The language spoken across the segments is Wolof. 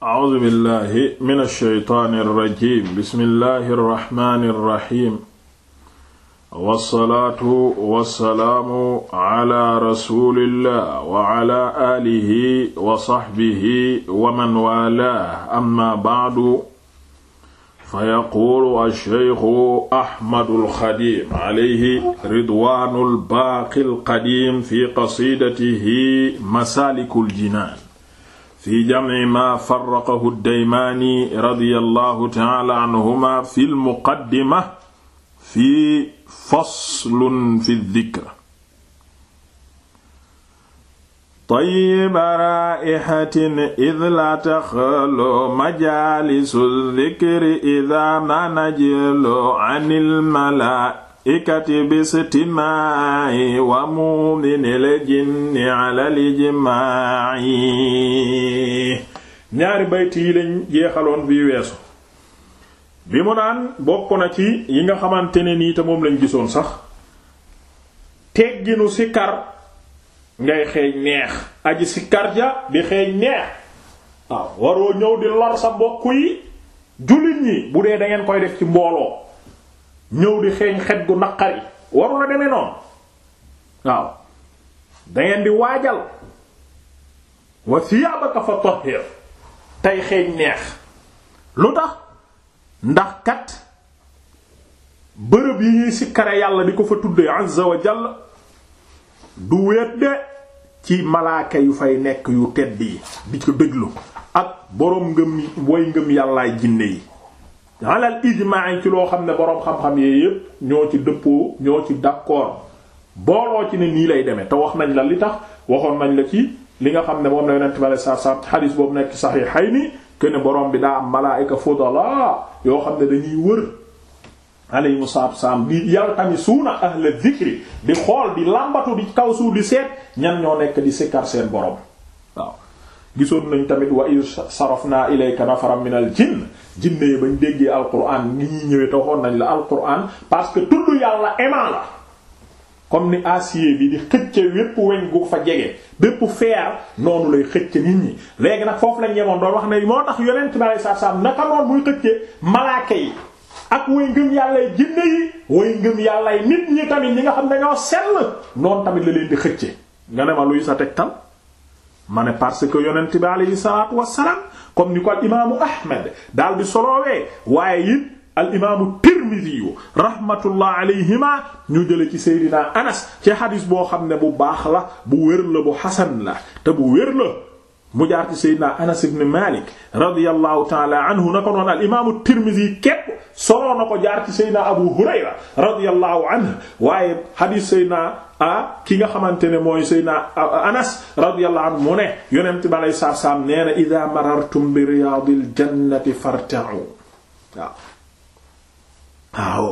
A'uuzu billahi mina shaytaani rajiim bismillahi rahmaani rahiim. wasalaatu wasalaamu ala rasulillah wa ala alihi wa saxbihi wa man waalaahu amma ba'du. fayaquulu ash-shaykhu Ahmadul Xadiim alayhi ridwaanul baaqil qadiim fi qasiidatihi masaalikul jinaan. fi jamci ma faraqahu ddaymaani radiyallahu taala anhuma fi lmuqaddima fi faslun fi dikr tayyiba raa'ihatin id la taxlu majaalisu dikri ida ma najlu anil malaa ikatib istimaa'i wa muminil jinni alal ijmaa'i ñaari bayt yi lañ jeexaloon bii weesu bi mu naan bokk na ci yi nga xamante ne nii te moom lañ gisoon sax tegginu sikar ngay xeeñ neex aji sikar ja di xeeñ neex waaw waroo ñëw di lor sa bokk yi jullit ñi bu dee dangeen koy def ci mbooloo ñëw di xeeñ xet gu naqari waru la demee noonu waaw dangeen di waajal wa siyaabaka fa tahhir tey xeeñ neex lu tax ndax kat bërëb yi ñuy sikkare yàlla di ko fa tuddee azza wa jalla du wéet de ci malaaka yu fay nekk yu tedd yi di ko déglu ak boroom ngëm way ngëm yàllaay jinne yi alal ijmaa ci loo xam ne boroom xam-xam yee yépp ñoo ci dëppoo ñoo ci d'accord booloo ci ne nii lay demee te wax nañ la li tax waxoon nañ la ci li nga xam ne moom la yonent bi alayhi salaatu salaam xadiis boobu nekk saxiixayni ne borom bi daa am malaa'ika fudalaa yoo xam ne dañuy wër alayhimu salaatu salaam di yaltamisuuna ahla dikri di xool di làmbatu di kaw suuf li seet ñan ñoo nekk di sikkar seen borom. gisoon nañ tamit wa iz sarafna ilayka nafaran minal jinn jinne yi bañ déggee alquran ni ñuy ñëwee taxoon nañ la alquran parce que tudd yàlla aimant la comme ni acier bi di xëcce wépp weñ gu fa jege bépp feer noonu lay xëcce nit ñi léegi nag foofu lañ yemoon doon wax na moo tax yonent bi alayhi salaam naka noonu muy xëcce malaaka yi ak way ngëm yàllay jinne yi way ngëm yàllay nit ñi tamit ñi nga xam ne ñoo sell noonu tamit la leen di xëcce nga ne ma luy sa tegtal ma ne parce que yonent bi aleyhi salaatu wassalaam comme ni ko al imaamu Ahmed daal di soloowee waaye it al imaamu Tirmidhi rahmatullah alayhima ñu jële ci Seydina Anas ci hadis boo xam ne bu baax la bu wér la bu xasan la te bu wér la. mu jaar ci Seydina Anas ibn Malik radiyallahu taala anhu na ko noon al imaamu Tirmizi képp soloo na ko jaar ci Seydina Abu Hurayra radiyallahu anhu waaye hadith Seydina a ki nga xamante ne mooy Seydina Anas radiyallahu anhu mu ne yonent bi alay saatu salaam nee na idha marartum bi riyadil jannati farta'u waaw waaw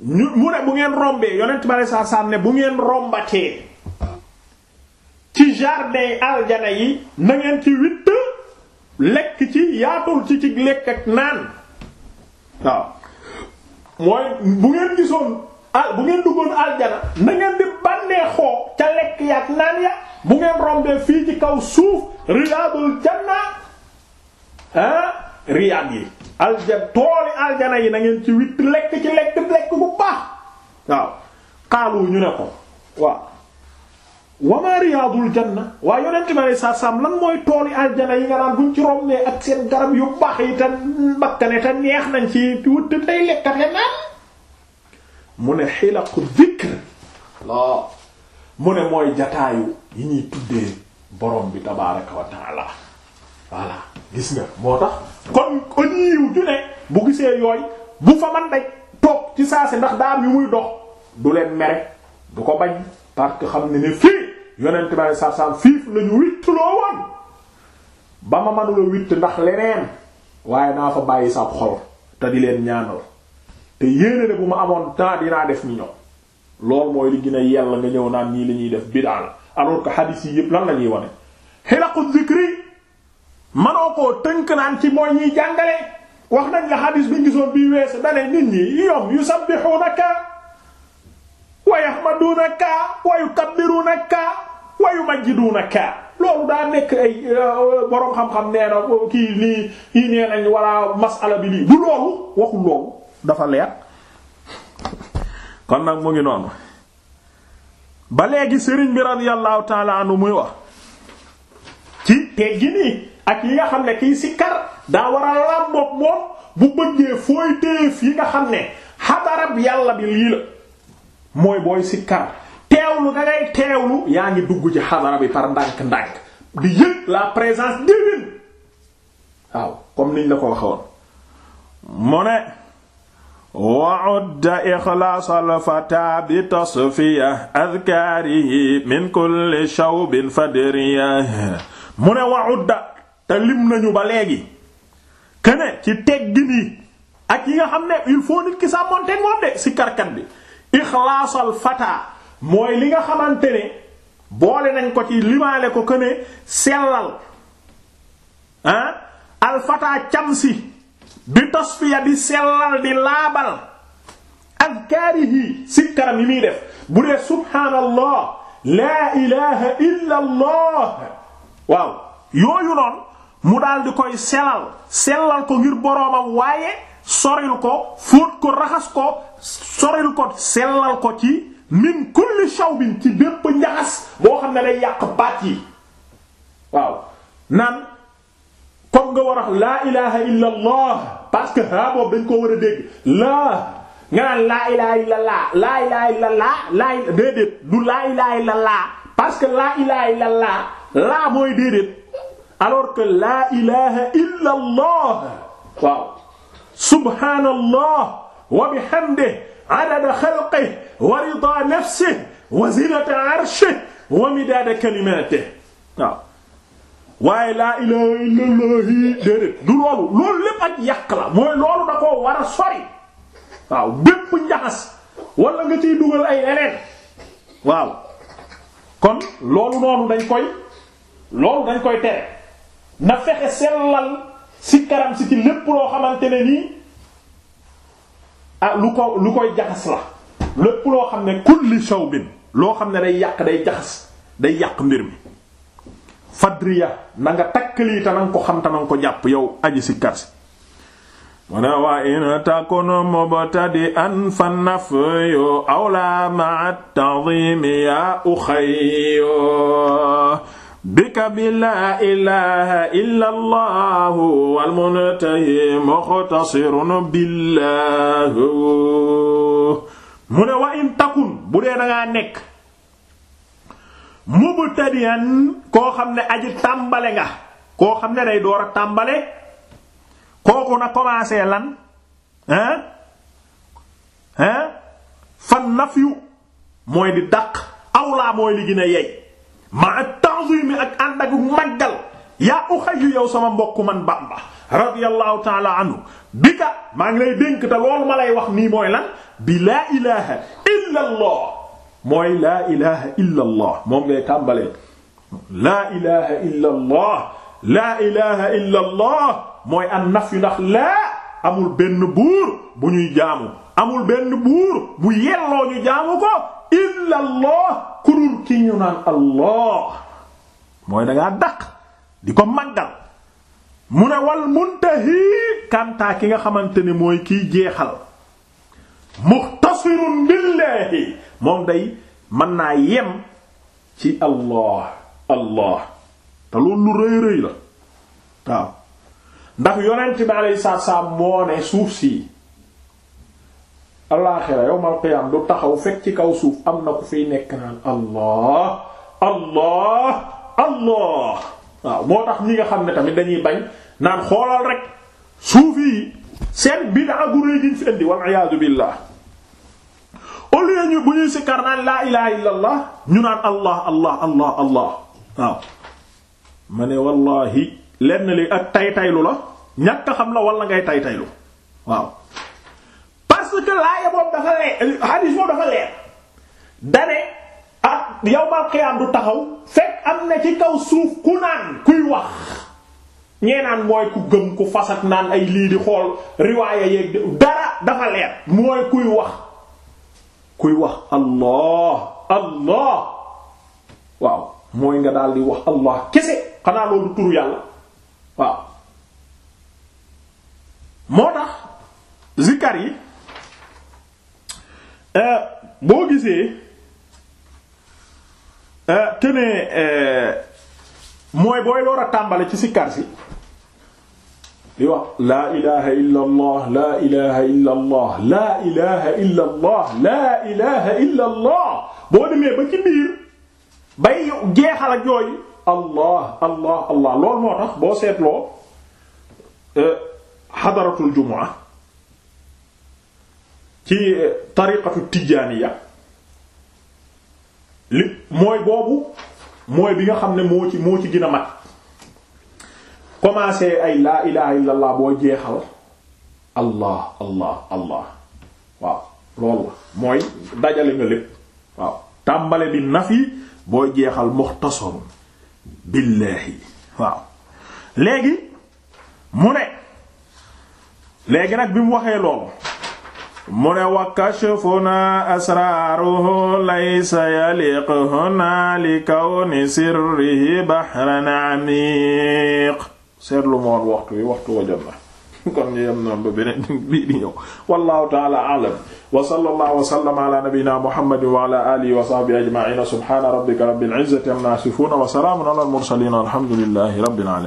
ñu mu ne bu ngeen rombee yonent bi alay saatu salaam ne bu ngeen rombatee ci jardin yi aljana yi na ci witt lekk ci yaatul ci ci lekk ak naan waaw mooy bu ngeen gisoon al bu ngeen duggoon aljana na di bànneexoo ca lekk ya naan ya bu ngeen rombee fii ci kaw suuf riyaadul janna ah riyaad yi aljana tooli aljana yi na ngeen ci witt lekk ci lekk lekk bu baax waaw xaalu ñu ne ko waaw wama riyaadul janna waaye yonent bi saa saam lan mooy tooli aljana yi nga naan buñ ci romb ak seen garab yu baax yi te mbakkane te neex nañ ci wut te tey lekkate naan mu ne xilaqu dhikr la mu ne yi ñuy tuddee gis nga moo tax kon ko yiw ju ne bu gisee yooy bu fa man day toog ci saa si ndax daam yu muy dox du leen mere du ko bañ parce xam ne ne fii yonent bi saa saa fiif lañu wittuloo woon ba ma manula witt ndax leneen waaye naa fa bàyyi sa xol te di leen ñaanal te yéene ne bu ma amoon temps dinaa def ni ñoom lool mooy li gën a nga ñëw naan nii li def bidaa la alors que hadith yi yépp lan la wane xilaqu zikri manoo koo tënk naan ci mooy ñiy jàngale wax nañ la hadith bi gisoon bii weesu dane nit ñi yom yusabbihunaka wa yahmadunaka wa yukabbirunaka wayu majjiduuna ka loolu daa nekk ay euh, boroom xam-xam nee na euh, kii nii kii nañ walla masala bi lii bu loolu waxul loolu dafa leer kon nag mu ngi noonu ba léegi sëriñ bi radiyallahu muy wax ci teggi nii ak yi nga xam ne kiy sikkar daa war a laam bopp moom bu bëggee fooy téef yi nga xam ne xadarab yàlla bi lii la mooy booy sikkar teewlu da ngay teewlu yaa ngi dugg ci xadara bi par ndànk-ndànk di yëg la présence divine waaw comme niñ la ko waxoon mu ne waudda ixlaasal fata bi tasfiya adkaarihi min kulli shawbin fadriya mu ne waudda te lim nañu ba léegi kene ci teggin yi ak yi nga xam ne il faut nit ki sàmmoonte moom de si karkat bi ixlaasal fata mooy li nga xamante ne boole nañ ko ci limaale ko que ne sellal ah alfata camsi bi tasfiya di sellal di laabal azkaarihi sikkaram yi muy def bu dee subhaanallah laa ilaha illa waaw yooyu noonu mu daal di koy selal sellal ko ngir boroomam waaye soril ko fóot ko raxas ko soril ko sellal ko ci min kulli shawbin ci bépp njaxas boo xam na day yàq baat yi waaw naan comme nga war a laa ilaha illa allah parce que haa boobu dañ koo war a dégg laa nga naan laa ilaha laa laa ilaha illa laa laa laa ilaha illa laa parce que laa ilaha illa subhaanallah wa bihamdihi adada xalqihi wa ridaa nafsihi waaw waaye laa ilaaha illallaah déedéet du loolu loolu lépp ak yàq la mooy loolu da koo war a sori waaw bépp njaxas wala nga ciy dugal ay leneen waaw kon loolu noonu dañ koy loolu dañ koy tere na fexe sellal si karam si ci lépp loo xamante ne nii ah lu ko lu koy jaxas la lépp loo xam ne kulli shawbin loo xam ne day yàq day jaxas day yàq mbir mi fadriya na nga takk lii te ko xam te ko jàpp yow aji si karsi mu ne wa in takunu mubtadi an fa nafyu awla ma'a at-ta'zimi ya ukhayyo bika bi laa ilaha illa allahu walmuntahi muxtasirun billahu mu ne wa in takun bu dee dangaa nekk mubtadiyan koo xam ne aj tàmbale nga koo xam ne day door a tàmbale kooku na commencé lan hein hein fan nafyu mooy di daq awlaa mooy li gën yey ma ta'zimi ak ànd ak màggal yaa uxayyu yow sama mbokk man Bamba radiyallahu taala anhu bi ka maa ngi lay dénk te loolu ma lay wax nii mooy lan bi laa ilaha illa allah mooy laa ilaha illa allah moom ngay tàmbalee laa ilaha illa allah laa ilaha illa allah mooy an naf yu ndax laa amul benn buur bu ñuy jaamu amul benn buur bu yelloo ñu jaamu ko illa allah ku dul ki ñu naan allah mooy dangaa daq di ko màggal mu ne wal muntahi kantaa ki nga xamante ni mooy kiy jeexal muxtasirun billaahi moom day mën naa yem ci allah allah te loolu lu rëy rëy la waaw ndax yonent bi alayhi salaam moo ne suuf si alaaxira yowmal qiyaam taxaw ci kaw suuf am na ku fiy nekk naan allah allah allah waaw moo tax ñi nga xam ne tamit dañuy bañ naan xoolal rek suufi yi seen bid'a gu rëy ñu bu ñuy ñu naan allah allah allah allah waaw ma ne wallahi lenn li ak tay taylu la ñàkk xam la wala ngay tay taylu waaw que laaya dafa leer hadis dafa leer dane ak ah, yawmal qiyaam du taxaw fekk am na ci kaw suuf ku naan kuy wax ñee naan mooy ku gëm ku fasak naan ay lii di xool riwaaya yeeg dara dafa leer mooy kuy wax kuy wax allah allah waaw mooy nga daal di wax allah kese xanaa loolu turu yàlla waaw moo tax zikar yi Euh, boo gisee que euh, euh, mooy booy door tàmbali ci sikkar si di wax laa ilaha illa allah laa ilaha illa allah laa boo demee ba ci biir bay jeexal ak yooyu allah allah allah loolu moo tax boo seetloo xadaratul jumaa ci tariqatu tijaaniya li mooy boobu mooy bi nga xam ne moo ci moo ci gën a mat commencé ay laa ilaha illa allah boo jeexal allah allah allah waaw loolu la mooy dajale nga lépp waaw tàmbale bi nafi boo jeexal muxtasarun billaahi waaw léegi mu ne léegi nag bi mu waxee loolu mu ne wa kashfuna asraaruhu laysa yaliqhuna li kawni sirrihi bahran amiq seetlu moon waxtu wi waxtu wa jot na kon ñu yem noonu ba beneen bii di ñëw wallahu ta'ala a'lam wa sallallahu wa sallama ala nabiyyina muhammadin wa ala alihi wa sahbihi ajma'in subhana rabbika rabbil izzati amma yasifun wa salamun ala al mursalin alhamdulillahi rabbil alamin